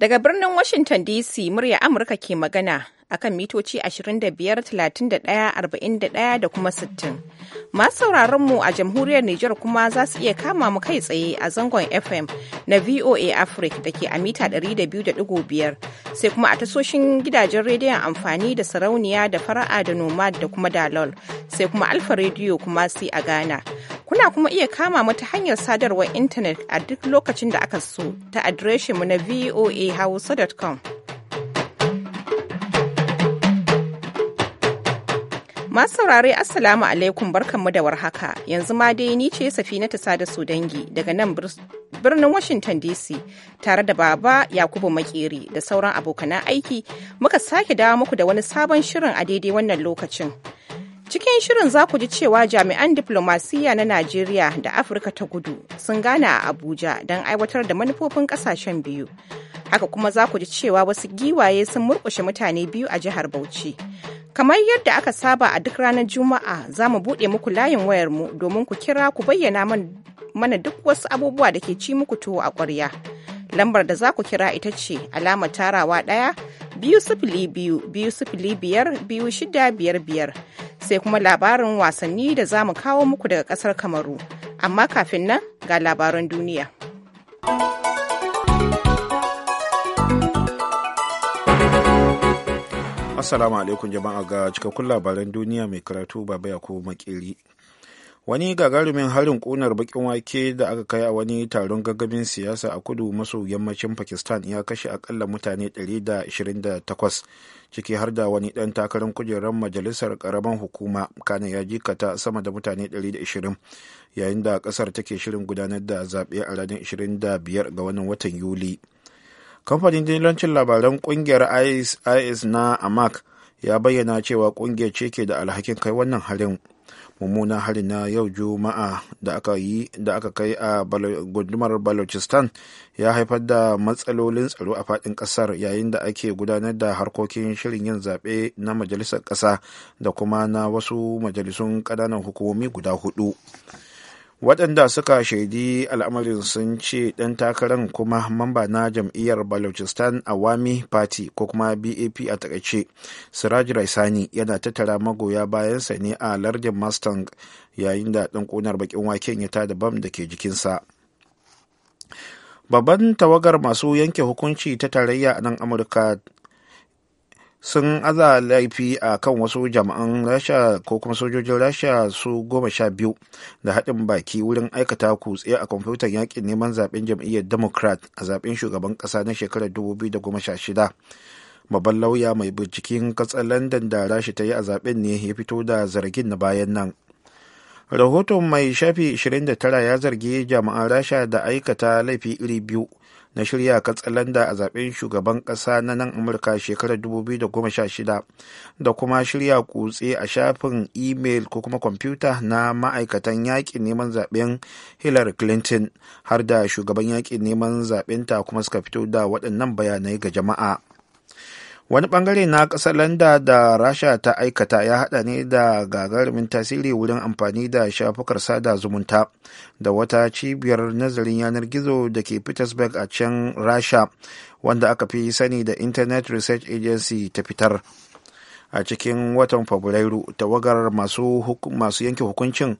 Daga birnin Washington DC murya Amurka ke magana akan mitoci 25, 31, 41 da kuma 60. Masu sauraron mu a jamhuriyar Nijar kuma za su iya kama mu kai tsaye a zangon FM na VOA Africa da ke a mita 200.5 sai kuma a tasoshin gidajen rediyon amfani da sarauniya da fara'a da nomad da kuma dalol sai kuma alfa rediyo kuma sai a Ghana. Kuna kuma iya kama mu ta hanyar sadarwar intanet a duk lokacin da aka so ta adireshinmu na voahausa.com. Masu saurare Assalamu alaikum barkanmu da warhaka yanzu ma dai ni ce safina ta sada su dangi daga nan birnin Washington DC tare da baba Yakubu Makeri da sauran abokanan aiki muka sake dawo muku da wani sabon shirin a daidai wannan lokacin. Cikin shirin za ku ji cewa jami'an diplomasiyya na Najeriya da Afirka ta gudu sun gana a Abuja don aiwatar da manufofin kasashen biyu. Haka kuma za ku ji cewa wasu giwaye sun murƙushe mutane biyu a jihar Bauchi. Kamar yadda aka saba a duk ranar Juma'a za mu buɗe muku layin wayarmu domin ku kira ku bayyana mana duk wasu abubuwa da ke ci muku tuwo a ƙwarya. Lambar da za ku kira ita ce alama tarawa ɗaya biyu sifili biyu biyu sifili biyar biyu shida biyar biyar sai kuma labarin wasanni da za mu kawo muku daga ƙasar Kamaru. Amma kafin nan ga labaran duniya. Assalamu alaikum jama'a ga cikakkun labaran duniya mai karatu baba ya ko makeri. Wani gagarumin harin ƙunar bakin wake da aka kai a wani taron gaggabin siyasa a kudu maso yammacin Pakistan ya kashe akalla mutane 128 ciki har da wani ɗan takarar kujerar majalisar ƙaramin hukuma kana ya jikata sama da mutane 120 yayin da ƙasar take shirin gudanar da zaɓe a ranar 25 ga wannan watan Yuli. kamfanin dillancin labaran kungiyar is na amak ya bayyana cewa kungiyar ce ke da alhakin kai wannan harin mummunan harin na yau juma'a da aka yi da aka kai a gundumar balochistan ya haifar da matsalolin tsaro a fadin kasar yayin da ake gudanar da harkokin shirin yin zaɓe na majalisar ƙasa da kuma na wasu majalisun ƙananan hukumomi guda hudu waɗanda suka shaidi al'amarin sun ce ɗan takarar kuma mamba na jam'iyyar balochistan awami party ko kuma bap a takaice siraj raisani yana tattara magoya bayansa ne a lardin mustang yayin da ɗan ƙunar bakin waken ya tada bam da ke jikinsa babban tawagar masu yanke hukunci ta tarayya a nan amurka sun aza laifi a kan wasu jama'an rasha ko kuma sojojin rasha su goma sha biyu da haɗin baki wurin aikata kutse a kwamfutar yakin neman zaɓen jam'iyyar democrat a zaɓen shugaban ƙasa na shekarar 2016 babban lauya mai binciken katsar london da rasha ta yi a zaɓen ne ya fito da zargin na bayan nan rahoton mai shafi 29 ya zargi jami'an rasha da aikata laifi iri biyu na shirya katsalanda a zaben shugaban ƙasa na nan amurka shekarar 2016 da kuma shirya kutse a shafin email ko kuma kwamfuta na ma'aikatan yakin neman zaben hillary clinton har da shugaban yakin neman ta kuma suka fito da waɗannan bayanai ga jama'a wani bangare na ƙasar landa da rasha ta aikata ya hada ne da gagarumin tasiri wurin amfani da shafukar sada zumunta da wata cibiyar nazarin yanar gizo da ke petersburg a can rasha wanda aka fi sani da internet research agency ta fitar a cikin watan fabrairu tawagar masu, masu yanke hukuncin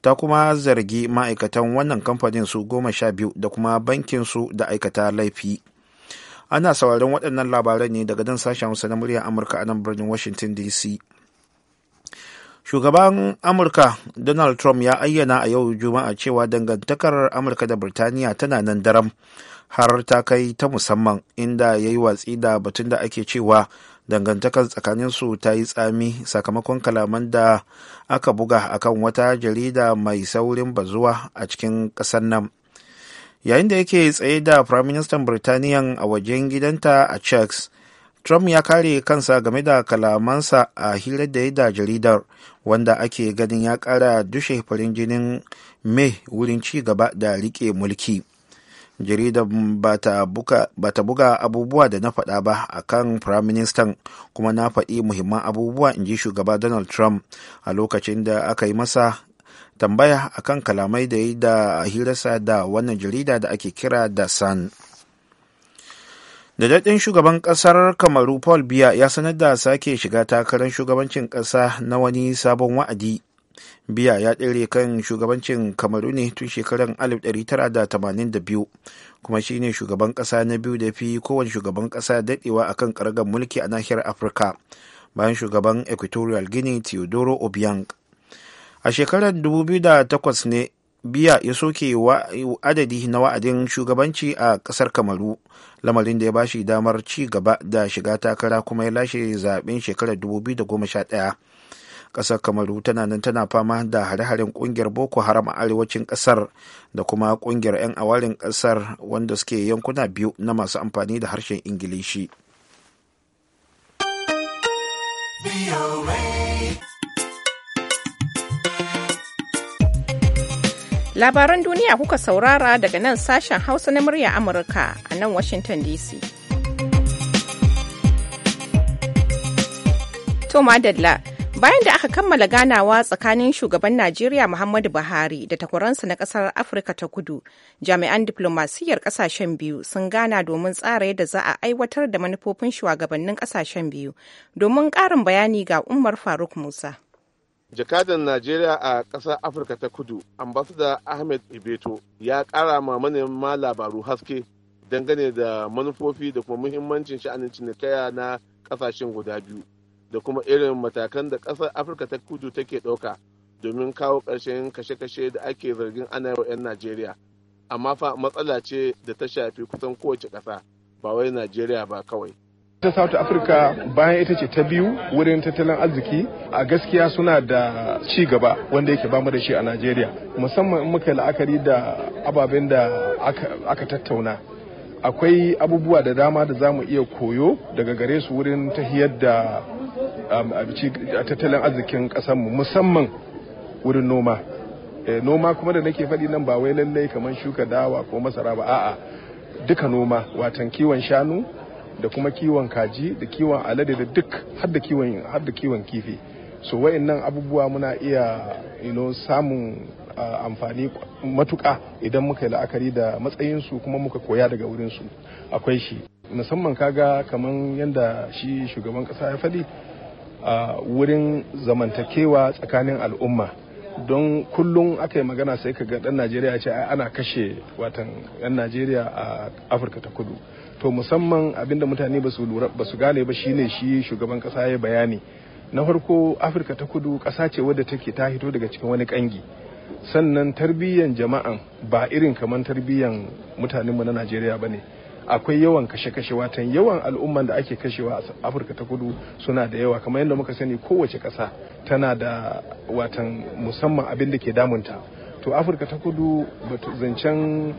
ta kuma zargi ma'aikatan wannan kamfanin su goma sha biyu da kuma bankin su da aikata laifi. ana sauraron waɗannan labaran ne daga dan sashen hausa na muryar amurka a nan birnin washington dc shugaban amurka donald trump ya ayyana a yau juma'a cewa dangantakar amurka da birtaniya tana nan daram har ta kai ta musamman inda ya yi watsi da batun da ake cewa dangantakar tsakaninsu ta yi tsami sakamakon kalaman da aka buga akan wata jarida mai saurin bazuwa a cikin ƙasar nan yayin da yake tsaye da firaministan birtaniya a wajen gidanta a czechs trump ya kare kansa game da kalamansa a hirar da ya da jaridar wanda ake ganin ya kara dushe farin jinin mai wurin ci gaba da rike mulki jaridar ba ta buga abubuwa da na faɗa ba a kan firaministan kuma na faɗi muhimman abubuwa in ji shugaba donald trump a lokacin da aka yi masa tambaya akan kalamai da yi da hirarsa da wannan jarida da ake kira da san da daɗin shugaban ƙasar kamaru paul biya ya sanar da sake shiga takarar shugabancin ƙasa na wani sabon wa'adi biya ya ɗere kan shugabancin kamaru ne tun shekarar 1982 kuma shine shugaban ƙasa na biyu da fi kowane shugaban ƙasa daɗewa kan ƙargar mulki a nahiyar afirka bayan shugaban equatorial guinea teodoro obiang a shekarar 2008 ne biya ya soke adadi na wa'adin shugabanci a kasar kamaru lamarin da ya bashi damar ci gaba da shiga takara kuma ya lashe zaɓen shekarar 2011 kasar kamaru tana nan tana fama da hare-haren kungiyar boko haram a arewacin kasar da kuma ƙungiyar 'yan awarin kasar wanda suke yankuna biyu na masu amfani da harshen ingilishi. Labaran duniya kuka saurara daga nan sashen Hausa na murya Amurka a nan Washington DC. To madalla, bayan da aka kammala ganawa tsakanin shugaban Najeriya Muhammadu Buhari da takwaransa na kasar Afirka ta kudu, jami'an diplomasiyyar kasashen biyu sun gana domin tsara yadda za a aiwatar da manufofin shugabannin kasashen biyu. Domin karin bayani ga Umar Faruk Musa. jakadan najeriya a ƙasar afirka ta kudu ambasada ahmed ibeto ya ƙara ma manema labaru haske dangane da manufofi da kuma muhimmancin sha'anin cinikaya na ƙasashen guda biyu da kuma irin matakan da ƙasar afirka ta kudu take ɗauka domin kawo ƙarshen kashe-kashe da ake zargin ana yi wa 'yan najeriya amma fa matsala ce da ta shafi kusan kowace ƙasa ba wai najeriya ba kawai ta south africa bayan ita ce ta biyu wurin tattalin arziki a gaskiya suna da ci gaba wanda yake bamu da shi a Najeriya musamman in muka la'akari da ababen da aka tattauna akwai abubuwa da dama da zamu iya koyo daga gare su wurin hiyar da um, tattalin arzikin mu musamman wurin noma eh, noma kuma da nake faɗi nan ba wai lallai kamar shuka dawa ko masara ba a'a duka noma watan kiwon shanu da kuma kiwon kaji da kiwon alade da duk har da kiwon har da kiwon kifi so nan abubuwa muna iya you samun ah, amfani matuka idan muka yi la'akari da matsayinsu kuma muka koya daga wurinsu akwai shi musamman kaga kamar yadda shi shugaban kasa ya faɗi uh, wurin zamantakewa tsakanin al'umma don kullum aka yi magana sai ka ga dan najeriya ce ana kashe watan yan najeriya a afirka ta kudu to musamman abinda mutane ba su gane ba shine shi shugaban kasa ya bayani na farko afirka ta kudu kasa ce wadda take ta hito daga cikin wani kangi sannan tarbiyyan jama'an ba irin kamar tarbiyyan mutanenmu na najeriya ba ne akwai yawan kashe-kashe watan yawan al'umman da ake kashewa a afirka ta kudu suna da yawa kamar yadda muka sani kowace kasa tana da watan musamman abin da ke damunta to afirka ta kudu zancen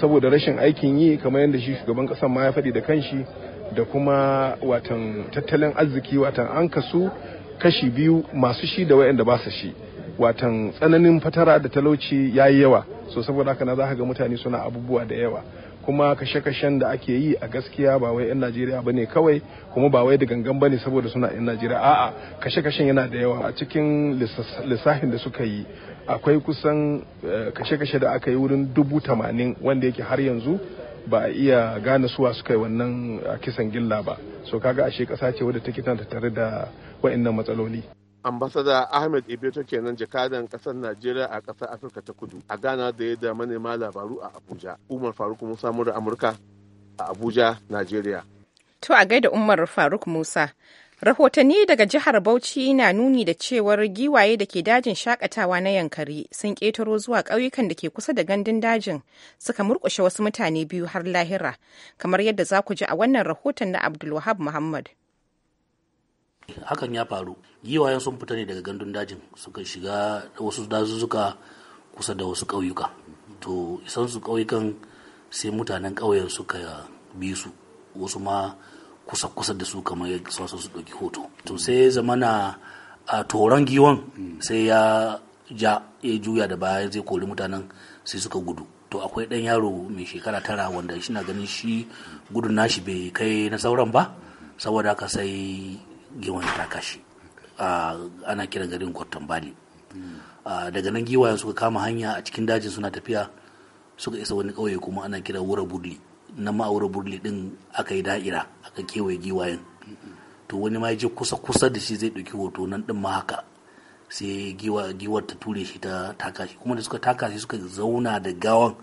saboda rashin aikin yi kamar yadda shi shugaban kasan ma ya faɗi da kanshi da kuma watan tattalin arziki watan an kasu kashi biyu masu shi da wayanda ba su shi watan tsananin fatara da talauci ya yi yawa so saboda haka na za ga mutane suna abubuwa da yawa kuma kashe-kashen da ake yi a gaskiya ba wai 'yan najeriya ba ne kawai kuma ba wai da gangan ba ne saboda suna 'yan najeriya a'a kashe-kashen yana da yawa a cikin lissafin da suka yi akwai kusan eh, kashe-kashe da aka yi wurin dubu tamanin wanda yake har yanzu ba a iya gane suwa suka yi wannan eh, kisan gilla ba so kaga ashe kasa ce wadda take tare da wa'annan matsaloli ambasada ahmed ibeto kenan jakadan kasar najeriya a kasar afirka ta kudu a ghana da ya da manema labaru a abuja umar faruk musa mura amurka a abuja najeriya to a gaida umar faruk musa rahotanni daga jihar bauchi na nuni da cewar giwaye da ke dajin shakatawa na yankari sun ƙetaro zuwa ƙauyukan da ke kusa da gandun dajin suka murƙushe wasu mutane biyu har lahira kamar yadda za ku ji a wannan rahoton na abdulwahab muhammad hakan ya faru giwayen sun fita ne daga gandun dajin suka shiga wasu dazuzzuka kusa da wasu ƙauyuka to isan su ƙauyukan sai mutanen ƙauyen suka bi su wasu ma kusa kusa da su kamar ya su ɗauki hoto to sai zamana a toron giwon sai ya ja ya juya da baya zai kori mutanen sai suka gudu to akwai ɗan yaro mai shekara tara wanda shi na ganin shi gudun nashi bai kai na sauran ba saboda haka sai giwayen ta ana kiran garin kwatambali daga nan giwayen suka kama hanya a cikin dajin suna tafiya suka isa wani kauye kuma ana kira wura burli na ma wura burli din aka yi da'ira aka kewaye giwayen to wani ma je kusa kusa da shi zai ɗauki hoto nan din ma haka sai giwar ta ture shi ta taka kuma da suka taka shi suka zauna da gawan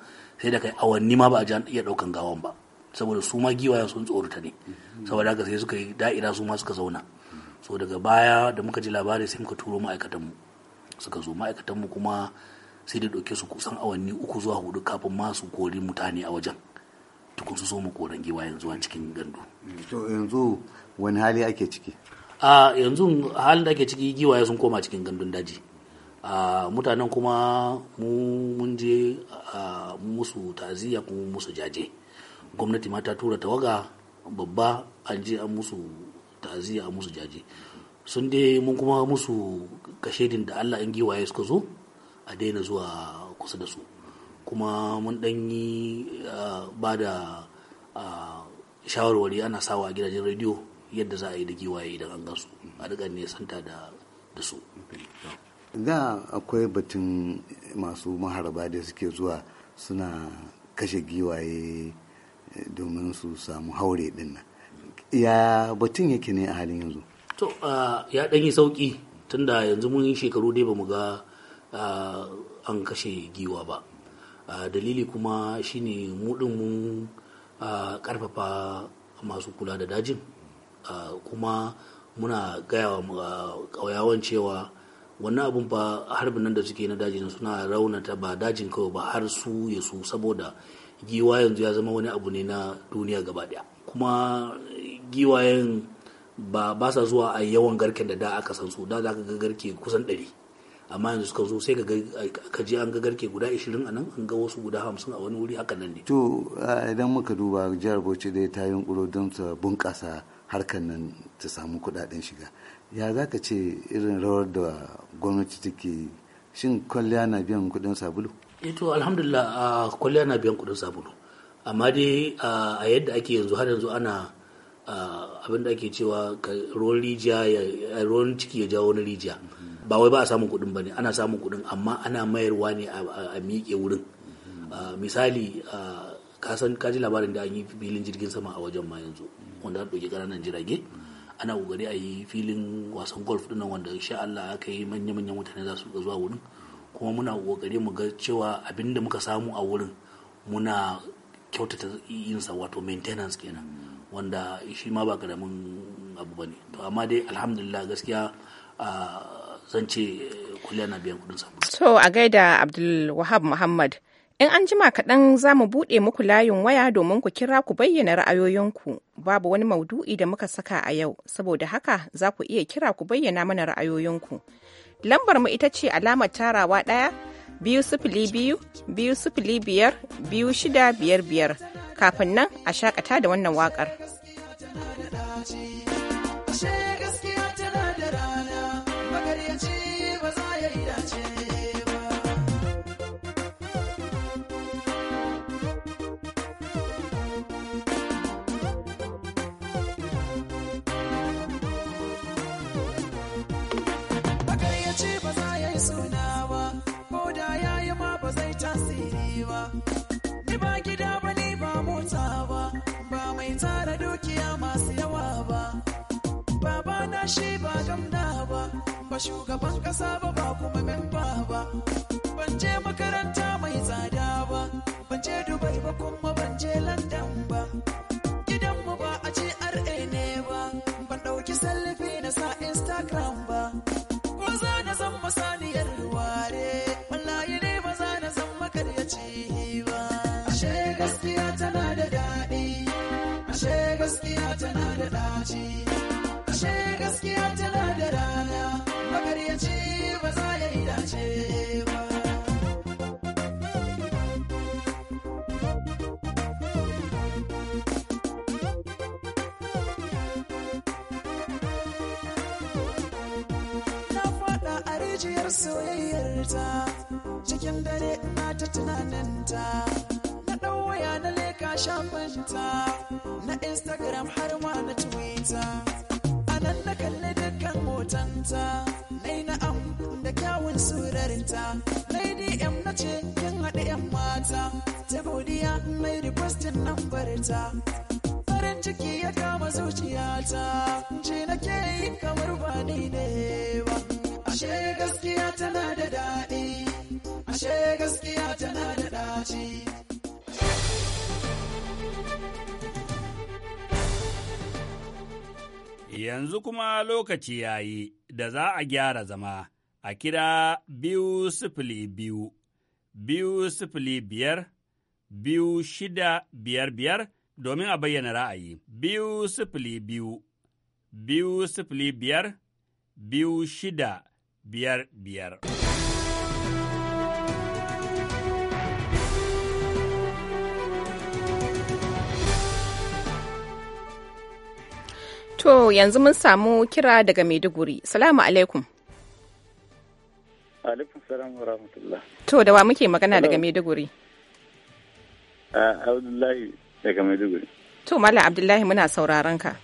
sai da kai awanni ma ba a iya ɗaukan gawan ba saboda su ma giwayen sun tsorata ne saboda haka sai suka yi da'ira su ma suka zauna so daga baya da muka ji labari sai muka turo ma'aikatan mu suka zo ma'aikatan mu kuma sai da ɗauke su kusan awanni uku zuwa hudu kafin ma su kori mutane a wajen tukun su so mu koran giwa yanzu a cikin gandu to yanzu wani hali ake ciki a yanzu halin da ake ciki giwaye sun koma cikin gandun daji a mutanen kuma mun je musu taziya kuma musu jaje gwamnati ma ta tura tawaga babba an je an musu ta'aziyya a musu jaje sun dai mun kuma musu kashedin da Allah in giwaye suka zo a daina zuwa kusa da su kuma mun dan yi ba da shawarwari ana sawa a gidajen rediyo yadda za a yi da giwaye idan an gasu a riga nesanta da su da akwai batun masu maharaba da suke zuwa suna kashe giwaye eh, domin su samu haure dinnan ya batun yake ne a halin yanzu to ya ɗanyi sauƙi tunda yanzu mun yi shekaru dai ba mu ga an kashe giwa ba dalili kuma shine muɗin mun ƙarfafa masu kula da dajin kuma muna gaya wa ƙauyawan cewa wannan abun ba harbin nan da suke na dajin suna raunata ba dajin kawai ba har su ya su saboda giwa yanzu ya zama wani abu ne na duniya gaba daya kuma giwayen ba ba sa zuwa a yawan garken da da aka san su da za ka ga garke kusan ɗari amma yanzu suka zo sai ka ji an ga garke guda 20 a nan an ga wasu guda 50 a wani wuri haka nan ne. to idan muka duba jihar bauchi dai ta yi yunkuro don ta bunƙasa harkar nan ta samu kuɗaɗen shiga ya za ka ce irin rawar da gwamnati take shin kwalliya na biyan kuɗin sabulu. eh to alhamdulillah kwalliya na biyan kuɗin sabulu amma dai a yadda ake yanzu har yanzu ana abin da ake cewa ruwan rijiya ruwan ciki ya jawo na rijiya ba wai ba a samun kuɗin ba ne ana samun kuɗin amma ana mayarwa ne a miƙe wurin misali ka san kaji labarin da an yi filin jirgin sama a wajen ma yanzu wanda an ɗauki ƙananan jirage ana kokari a yi filin wasan golf dinnan wanda insha Allah aka yi manya-manyan mutane za su ga zuwa wurin kuma muna kokari mu ga cewa abin da muka samu a wurin muna kyautata yinsa wato maintenance kenan wanda shi ma ba karamin abu ba ne to amma dai alhamdulillah gaskiya zan ce kuliya na biyan kudin sabu to a gaida abdul muhammad in an jima kaɗan za mu buɗe muku layin waya domin ku kira ku bayyana ra'ayoyinku babu wani maudu'i da muka saka a yau saboda haka za ku iya kira ku bayyana mana ra'ayoyinku lambar mu ita ce alamar tarawa ɗaya biyu sifili biyu biyu sifili biyar biyu shida biyar biyar kafin nan a shakata da wannan waƙar. shi ba gamna ba ba shugaban kasa ba ba kuma memba ba ban je makaranta soyayyarta cikin dare na ta tunaninta na ɗan waya na leka shafinta na instagram har ma na twitter a nan na kalli dukkan hotonta na yi na'am da kyawun surarinta na yi dm na ce kin haɗe yan mata ta godiya mai requestin nan barta farin ciki ya kama zuciyata ce na ke yi kamar ba ne ba ashe gaskiya tana da daɗi ashe gaskiya tana da ɗaci yanzu kuma lokaci ya yi da za a gyara zama a kira biyu sifili biyu biyu sifili biyar biyu shida biyar biyar domin a bayyana ra'ayi biyu sifili biyu biyu sifili biyar biyu shida biyar biyar. To yanzu mun samu kira daga Maiduguri. Salamu alaikum. Alaikum salam wa rahmatullah. To da wa muke magana daga Maiduguri? Ah, Abdullahi daga Maiduguri. To Malam Abdullahi muna sauraron ka.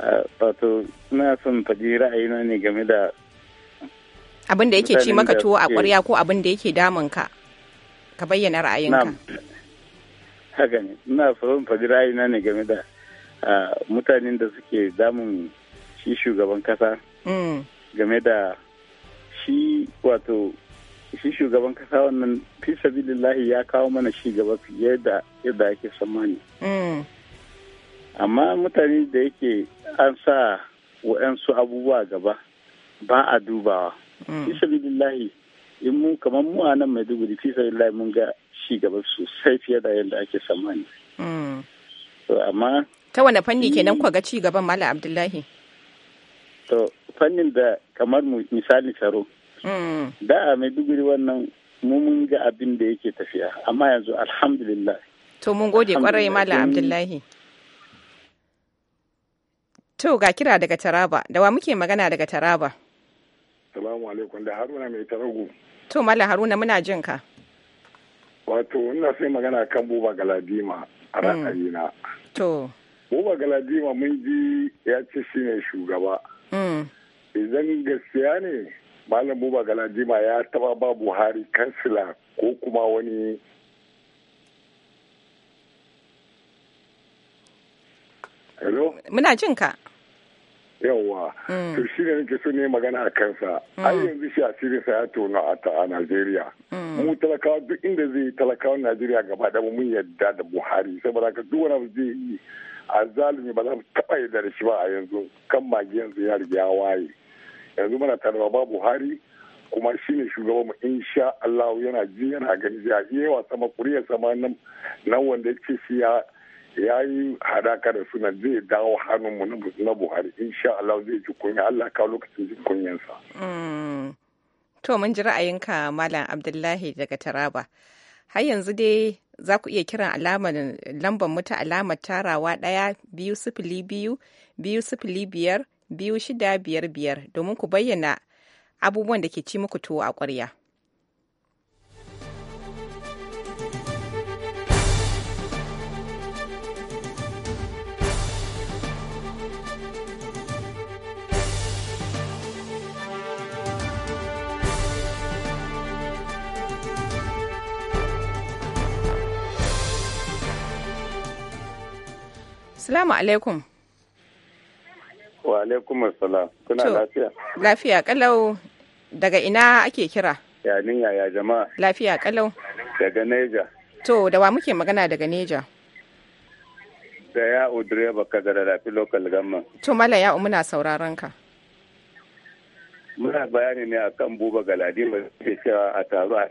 Eh, wato na son faɗi ra'ayina ne game da abin da yake ci maka tuwo a ƙwarya ko abin da yake damun ka ka bayyana ra'ayinka haka ne ina son faɗi ra'ayina ne game da eh, mutanen da suke damun shi shugaban kasa mm. game da shi wato shi shugaban kasa wannan fi sabilillahi ya kawo mana shi gaba fiye da yadda ake tsammani. Mm. amma mutane da yake an sa wa'yansu abubuwa gaba ba a dubawa mm. fisabilillahi in mu kamar mu a nan maiduguri fisabilillahi mun ga shi gaba sosai fiye da yadda ake tsammani mm. to amma ta wani fanni mm. kenan kwa ga ci gaban mala abdullahi to fannin da kamar misali tsaro da a maiduguri wannan mu mun ga abin da yake tafiya amma yanzu alhamdulillah to mun gode kwarai mala abdullahi To ga kira daga Taraba, da wa muke magana daga Taraba? Salamu alaikum da Haruna mai tarago. To mala Haruna muna jin ka. Wato ina sai magana kan Buba Galadima a mm. ra'ayina. To. Buba Galadima mun ji ya ce shi ne shugaba. Mm. Idan gaskiya ne Malam Buba Galadima ya taba ba Buhari kansila ko kuma wani Hello? Muna jin ka. yawwa mm. to shi ne nake so ne magana a kansa mm. ai yanzu shi asirin sa ya tono a ta a Najeriya mm. mu talakawa duk inda zai talakawan Najeriya gaba da mun yadda da Buhari saboda ka duk wani zai yi a zalimi ba za mu taba yadda da shi ba a yanzu kan magi yanzu ya riga waye yanzu mana tare ba Buhari kuma shi ne shugaban mu insha allahu yana ji yana gani zai yi wasa sama kuriya sama nan wanda ya ce shi ya ya yi hadaka da suna zai dawo hannunmu na buhari insha Allah zai ji kunya Allah ka lokacin jin kunyansa. Mm. to mun ji ra'ayinka malam abdullahi daga taraba har yanzu dai za ku iya kiran alamar lambar mu alamar tarawa ɗaya biyu sifili biyu biyu sifili biyar biyu shida biyar biyar domin ku bayyana abubuwan da ke ci muku tuwo a ƙwarya. Salamu alaikum. Wa alaikum assalam. Kuna lafiya? Lafiya kalau daga ina ake kira? Yanin yaya jama'a. Lafiya kalau. Daga Neja. To da wa muke magana daga Neja? Da ya udure baka da rafi local government. To mala ya muna sauraron ka. Muna bayani ne akan Buba ba da cewa a taro a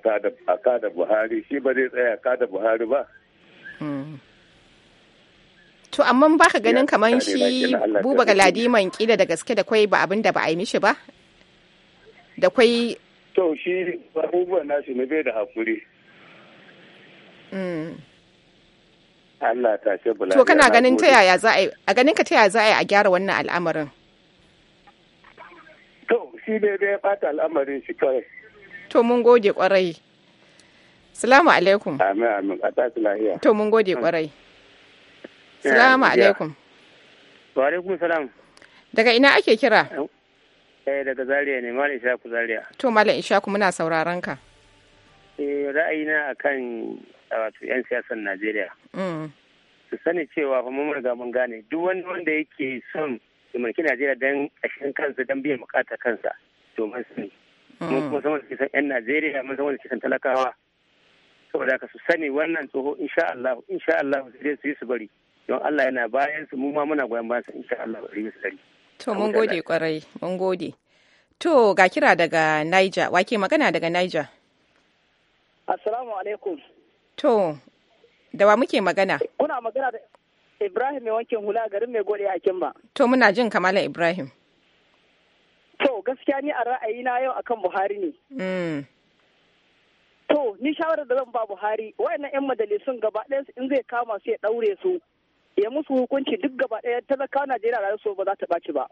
kada Buhari shi ba zai tsaya kada Buhari ba. To amma ba ka ganin kamar shi buba galadiman kila da gaske da kwai ba abin da ba a yi mishi ba? Da kwai. To shi abubuwan nasu na bai da hakuri. Mm. Allah ta ce bula. To kana ganin ta yaya za a yi a ganin ka ta yaya za a yi a gyara wannan al'amarin? To shi ne bai fata al'amarin shi kawai. To mun gode kwarai. Salamu alaikum. Amin amin. A ta lahiya. To mun gode kwarai. Salamu alaikum. Wa alaikum salam. Daga ina ake kira? Eh daga Zaria ne, Malam Ishaku Zaria. To Malam Ishaku muna sauraron ka. Eh ra'ayina akan wato 'yan siyasar Najeriya. Mm. Su sani cewa fa mun riga mun gane duk wani wanda yake son su mulki Najeriya dan ƙashin kansa dan biyan bukatar kansa to mun sani. Mun mm. kuma san wanda 'yan Najeriya mun san wanda ke san talakawa. Saboda ka su sani wannan tsoho insha Allah insha Allah sai su yi su bari. don Allah yana bayan su mu ma muna goyon bayan su insha Allah bari su dari to mun gode kwarai mun gode to ga kira daga Niger wake magana daga Niger Assalamu alaikum to da wa muke magana kuna magana da Ibrahim mai wankin hula garin mai gode a Kimba to muna jin kamalan Ibrahim to gaskiya ni a ra'ayina yau akan Buhari ne mm. To, ni shawarar da zan ba Buhari, wayannan 'yan majalisun gaba ɗaya in zai kama su ya ɗaure su, ya musu hukunci duk gaba ɗaya na Najeriya rayuwar so ba za ta ɓaci ba.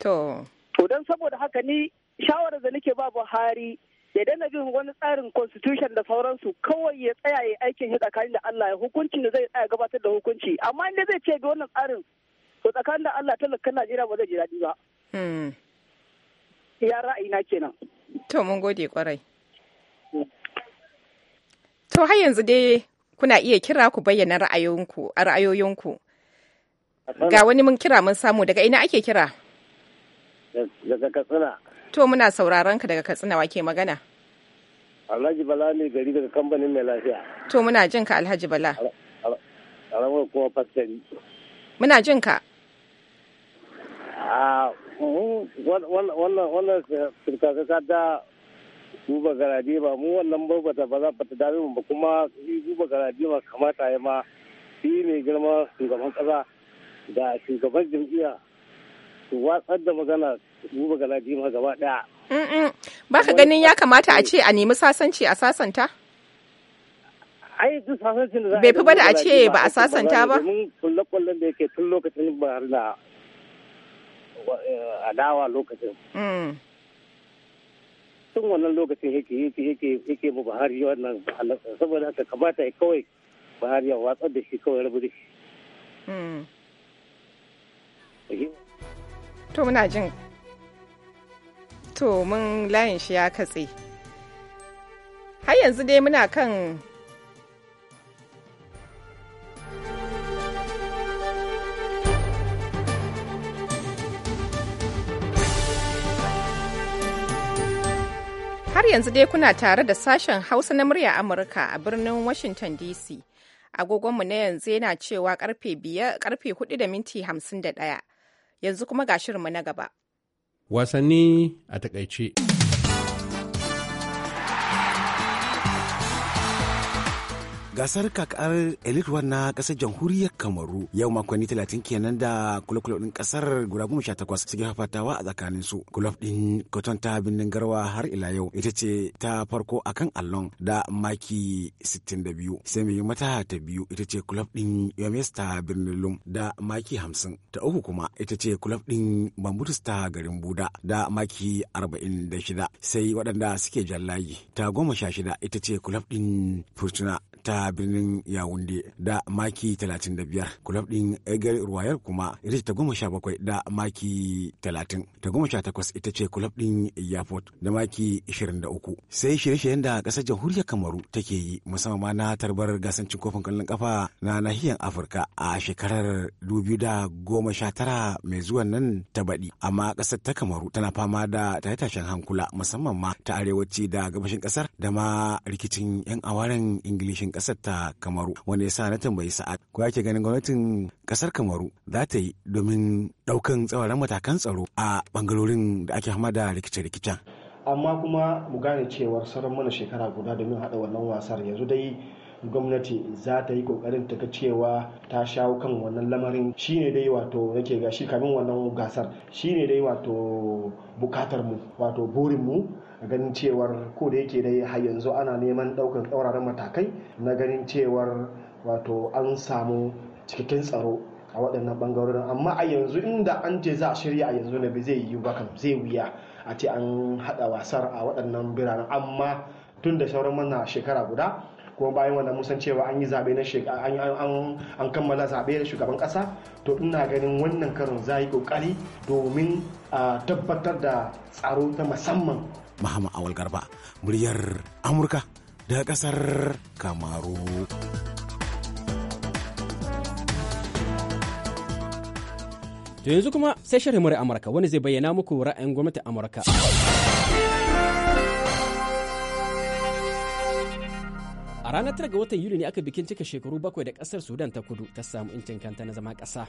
To. To don saboda haka ni shawarar da nake ba Buhari ya dana bin wani tsarin constitution da sauransu kawai ya tsaya ya aikin shi tsakanin da Allah ya hukunci da zai tsaya gabatar da hukunci amma inda zai ce ga wannan tsarin to tsakanin da Allah talakan Najeriya ba zai ji daɗi ba. Hmm. Ya ra'ayina kenan. To mun gode kwarai. Hmm. To har yanzu dai kuna iya kira ku bayyana ra'ayoyinku ra'ayoyinku ga wani mun kira mun samu daga ina ake kira daga katsina to muna sauraron ka daga katsina wake magana alhaji bala ne gari daga kamfanin mai lafiya to muna jin ka alhaji bala karamar kuma fassari muna jin ka wannan sirkakaka ta duba galadima mu wannan ba bata ba za ta dame ba kuma shi duba galadima kamata ya ma shi ne girma shugaban kasa da shugaban jam'iyya su watsar da magana duba galadima gaba daya. ba ka ganin ya kamata a ce a nemi sasanci a sasanta? ai duk sasancin da za a bai fi bada a ce ba a sasanta ba. domin kulle-kullen da yake tun lokacin ba har da eh, adawa lokacin. Mm. tun wannan lokacin yake yake yake yake mu bahari wannan saboda haka kamata ya kawai bahari ya watsar da shi kawai rabu da shi. Hmm. To muna jin to mun layin shi ya katse. Har yanzu dai muna kan Har yanzu dai kuna tare da sashen Hausa na murya Amurka a birnin Washington DC. Agogonmu na yanzu yana cewa karfe biyar karfe hudu da minti hamsin da ɗaya, Yanzu kuma ga shirinmu na gaba. Wasanni a takaice. gasar kakar elite na kasar jamhuriyar kamaru yau makonni talatin kenan da kulokulo din kasar guda goma sha takwas suke hafatawa a tsakanin su kulob din koton ta birnin garwa har ila yau ita ce ta farko akan allon da maki 62 sai mai mata ta biyu ita ce kulob din yomis ta birnin lum da maki 50 ta uku kuma ita ce kulob din bambutus ta garin buda da maki 46 sai waɗanda suke jallagi ta goma sha shida ita ce kulob din furtuna ta birnin yawunde da maki 35. kulob din Eger Royal kuma ita ta goma sha bakwai da maki 30. Ta goma sha takwas ita ce kulob din yafot da maki 23. Sai shirye-shiryen da kasar jamhuriyar Kamaru take yi musamman ma na tarbar gasancin kofin kallon kafa na nahiyar Afirka a shekarar 2019 mai zuwan nan ta baɗi. Amma kasar ta Kamaru tana fama da tashen hankula musamman ma ta arewaci da gabashin kasar da ma rikicin 'yan awaren Ingilishin kasar ta kamaru wanda ya sa na tambayi sa'ad ko yake ganin gwamnatin kasar kamaru za ta yi domin ɗaukan tsawaran matakan tsaro a bangarorin da ake hama da rikice-rikicen amma kuma mu gane cewar sauran mana shekara guda domin haɗa wannan wasar yanzu dai gwamnati za ta yi kokarin ta cewa ta shawo kan wannan lamarin shine dai wato yake ga shi kamin wannan gasar shine dai wato bukatar mu wato burin mu ganin cewar ko da yake dai har yanzu ana neman daukan tsauraran matakai na ganin cewar wato an samu cikakken tsaro a waɗannan ɓangarorin amma a yanzu inda an ce za a shirya a yanzu na bi zai yi ba zai wuya a ce an haɗa wasar a waɗannan biranen amma tun da sauran mana shekara guda kuma bayan wannan musan cewa an yi zaɓe na an kammala zaɓe da shugaban ƙasa to ina ganin wannan karon za yi ƙoƙari domin tabbatar da tsaro ta musamman Muhammad Awal Garba muryar Amurka da ƙasar Kamaru. To yanzu kuma sai shirin Amurka wani zai bayyana muku ra'ayin gwamnatin Amurka. ranar tara ga watan Yuli ne aka bikin cika shekaru bakwai da kasar Sudan ta kudu ta samu incin kanta na zama kasa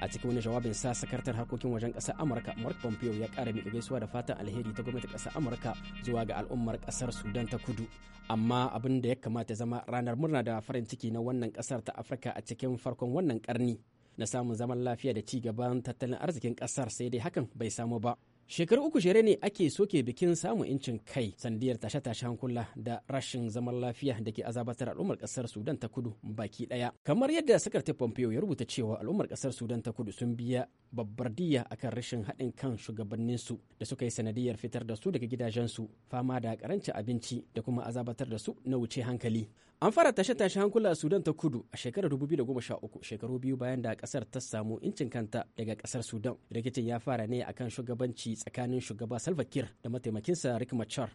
A cikin wani jawabin sa sakartar harkokin wajen kasar Amurka Mark Pompeo ya kara miƙa gaisuwa da fatan alheri ta gwamnati kasar Amurka zuwa ga al'ummar kasar Sudan ta kudu. Amma abin da ya kamata zama ranar murna da farin ciki na wannan kasar ta Afirka a cikin farkon wannan karni na samun zaman lafiya da ci gaban tattalin arzikin kasar sai dai hakan bai samu ba. Shekaru uku shere ne ake soke bikin samun incin kai sandiyar tashe-tashen kula da rashin zaman lafiya da ke azabatar al'ummar kasar Sudan ta kudu baki daya. Kamar yadda sakarta Pompeo ya rubuta cewa al'ummar kasar Sudan ta kudu sun biya babbar diya akan rashin haɗin kan shugabanninsu da suka yi sanadiyar fitar da su daga gidajensu fama da karanci abinci da kuma azabatar da su na wuce hankali. An fara tashe-tashe hankula a Sudan ta kudu a shekarar 2013 shekaru biyu bayan da kasar ta samu incin kanta daga kasar Sudan. Rikicin ya fara ne akan shugabanci tsakanin shugaba Salva da mataimakinsa Rick Machar.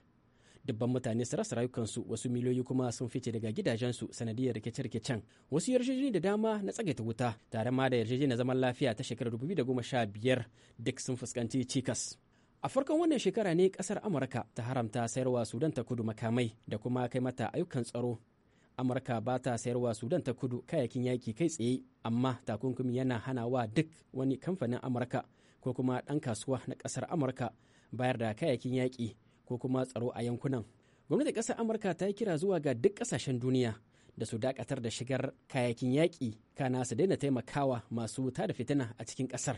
Dubban mutane su rasa rayukansu wasu miliyoyi kuma sun fice daga gidajensu sanadiyar rikice-rikicen. Wasu yarjejeni da dama na tsagaita wuta tare ma da yarjejeni zaman lafiya ta shekarar 2015 duk sun fuskanci cikas. A farkon wannan shekara ne kasar Amurka ta haramta sayarwa Sudan ta kudu makamai da kuma kai mata ayyukan tsaro amurka ba ta sayarwa sudan ta kudu kayakin yaki kai tsaye amma takunkumi yana hana wa duk wani kamfanin amurka ko kuma ɗan kasuwa na ƙasar amurka bayar da kayakin yaki ko kuma tsaro a yankunan gwamnatin ƙasar amurka ta yi kira zuwa ga duk ƙasashen duniya da su dakatar da shigar kayakin yaƙi kana su daina taimakawa masu da fitina a cikin ƙasar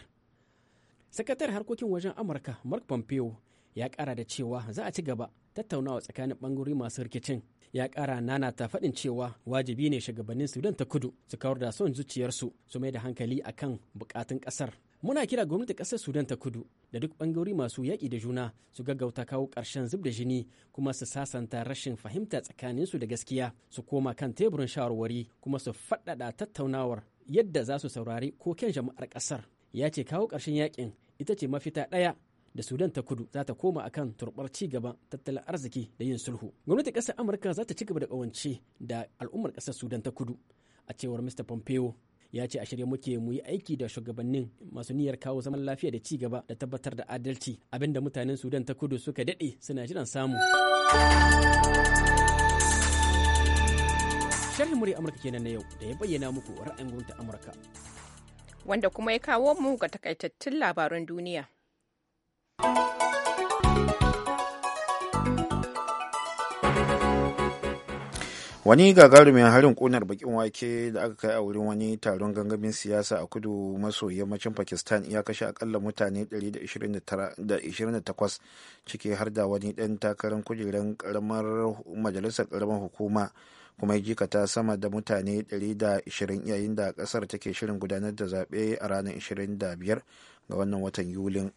sakatar harkokin wajen amurka mark pompeo ya ƙara da cewa za a ci gaba tattaunawa tsakanin bangarori masu rikicin ya kara nana ta faɗin cewa wajibi ne shugabannin sudan ta kudu su kawar da son zuciyarsu su mai da hankali akan bukatun ƙasar muna kira gwamnati ƙasar sudan ta kudu da duk bangarori masu yaƙi da juna su gaggauta kawo ƙarshen zub da jini kuma su sasanta rashin fahimta tsakaninsu da gaskiya su koma kan teburin shawarwari kuma su faɗaɗa tattaunawar yadda za su saurari kyan jama'ar ƙasar ya ce kawo ƙarshen yaƙin ita ce mafita ɗaya da Sudan ta kudu za ta koma akan turbar ci gaba tattalin arziki da yin sulhu. gwamnati kasar Amurka za ta ci gaba da ƙawance da al'ummar kasar Sudan ta kudu a cewar Mr. Pompeo ya ce a shirye muke mu yi aiki da shugabannin masu niyyar kawo zaman lafiya da ci gaba da tabbatar da adalci abinda mutanen Sudan ta kudu suka daɗe suna jiran samu. Sharhin murya Amurka kenan na yau da ya bayyana muku ra'ayin gwamnatin Amurka. Wanda kuma ya kawo mu ga takaitattun labaran duniya. wani gagarumin harin kunar bakin wake da aka kai a wurin wani taron gangamin siyasa a kudu maso yammacin pakistan ya kashe akalla mutane 128 ciki har da wani dan takarar kujerar karamar majalisar karamar hukuma kuma jikata sama da mutane 120 yayin da kasar take shirin gudanar da zaɓe a ranar 25 ga wannan watan yulin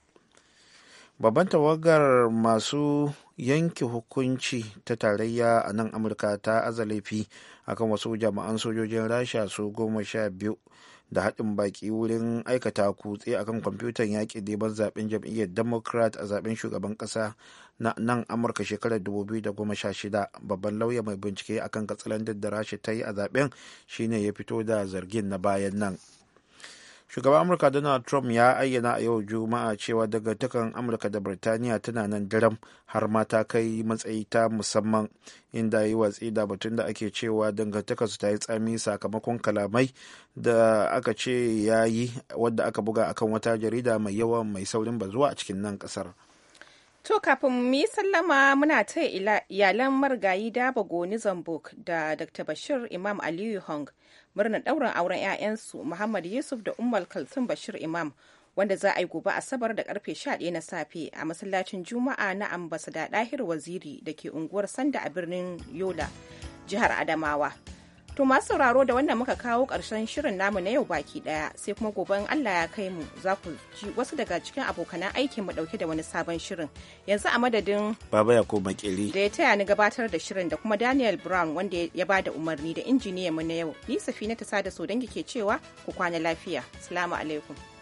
babban tawagar masu yanke hukunci ta tarayya a nan amurka ta aza laifi akan wasu jama'an sojojin rasha su goma sha biyu da haɗin baki wurin aikata kutse akan kwamfutan yaƙi neman zaɓen jam'iyyar democrat a zaɓen shugaban ƙasa na nan amurka shekarar 2016 babban lauya mai bincike akan katsalandar da rasha ta yi a zaɓen shine ya fito da zargin na bayan nan. shugaban amurka donald trump ya ayyana a yau juma'a cewa dangantakan amurka da birtaniya tana nan daram har ma ta kai matsayi ta musamman inda yi watsi da batun da ake cewa dangantaka su ta yi tsami sakamakon kalamai da aka ce ya yi wadda aka buga akan wata jarida mai yawa mai saurin bazuwa a cikin nan kasar To kafin mu yi sallama muna ta iyalan marigayi daba goni zambuk da Dr. Bashir Imam Aliyu Hong murnar ɗaurin auren 'ya'yansu Muhammad Yusuf da Ummal Kalsum Bashir Imam wanda za a yi gobe Asabar da karfe 11 na safe a masallacin Juma'a na ambasada Dahir Waziri da ke unguwar Sanda a birnin Yola, jihar Adamawa. To masu sauraro da wannan muka kawo ƙarshen shirin namu na yau baki ɗaya sai kuma goben Allah ya kai mu za ku ji wasu daga cikin abokanan aikin mu ɗauke da wani sabon shirin. Yanzu a madadin Baba Yakubu Makili da ya taya ni gabatar da shirin da kuma Daniel Brown wanda ya ba da umarni da injiniyan mu na yau. Ni Safina ta sada so dangi ke cewa ku kwana lafiya. Salamu alaikum.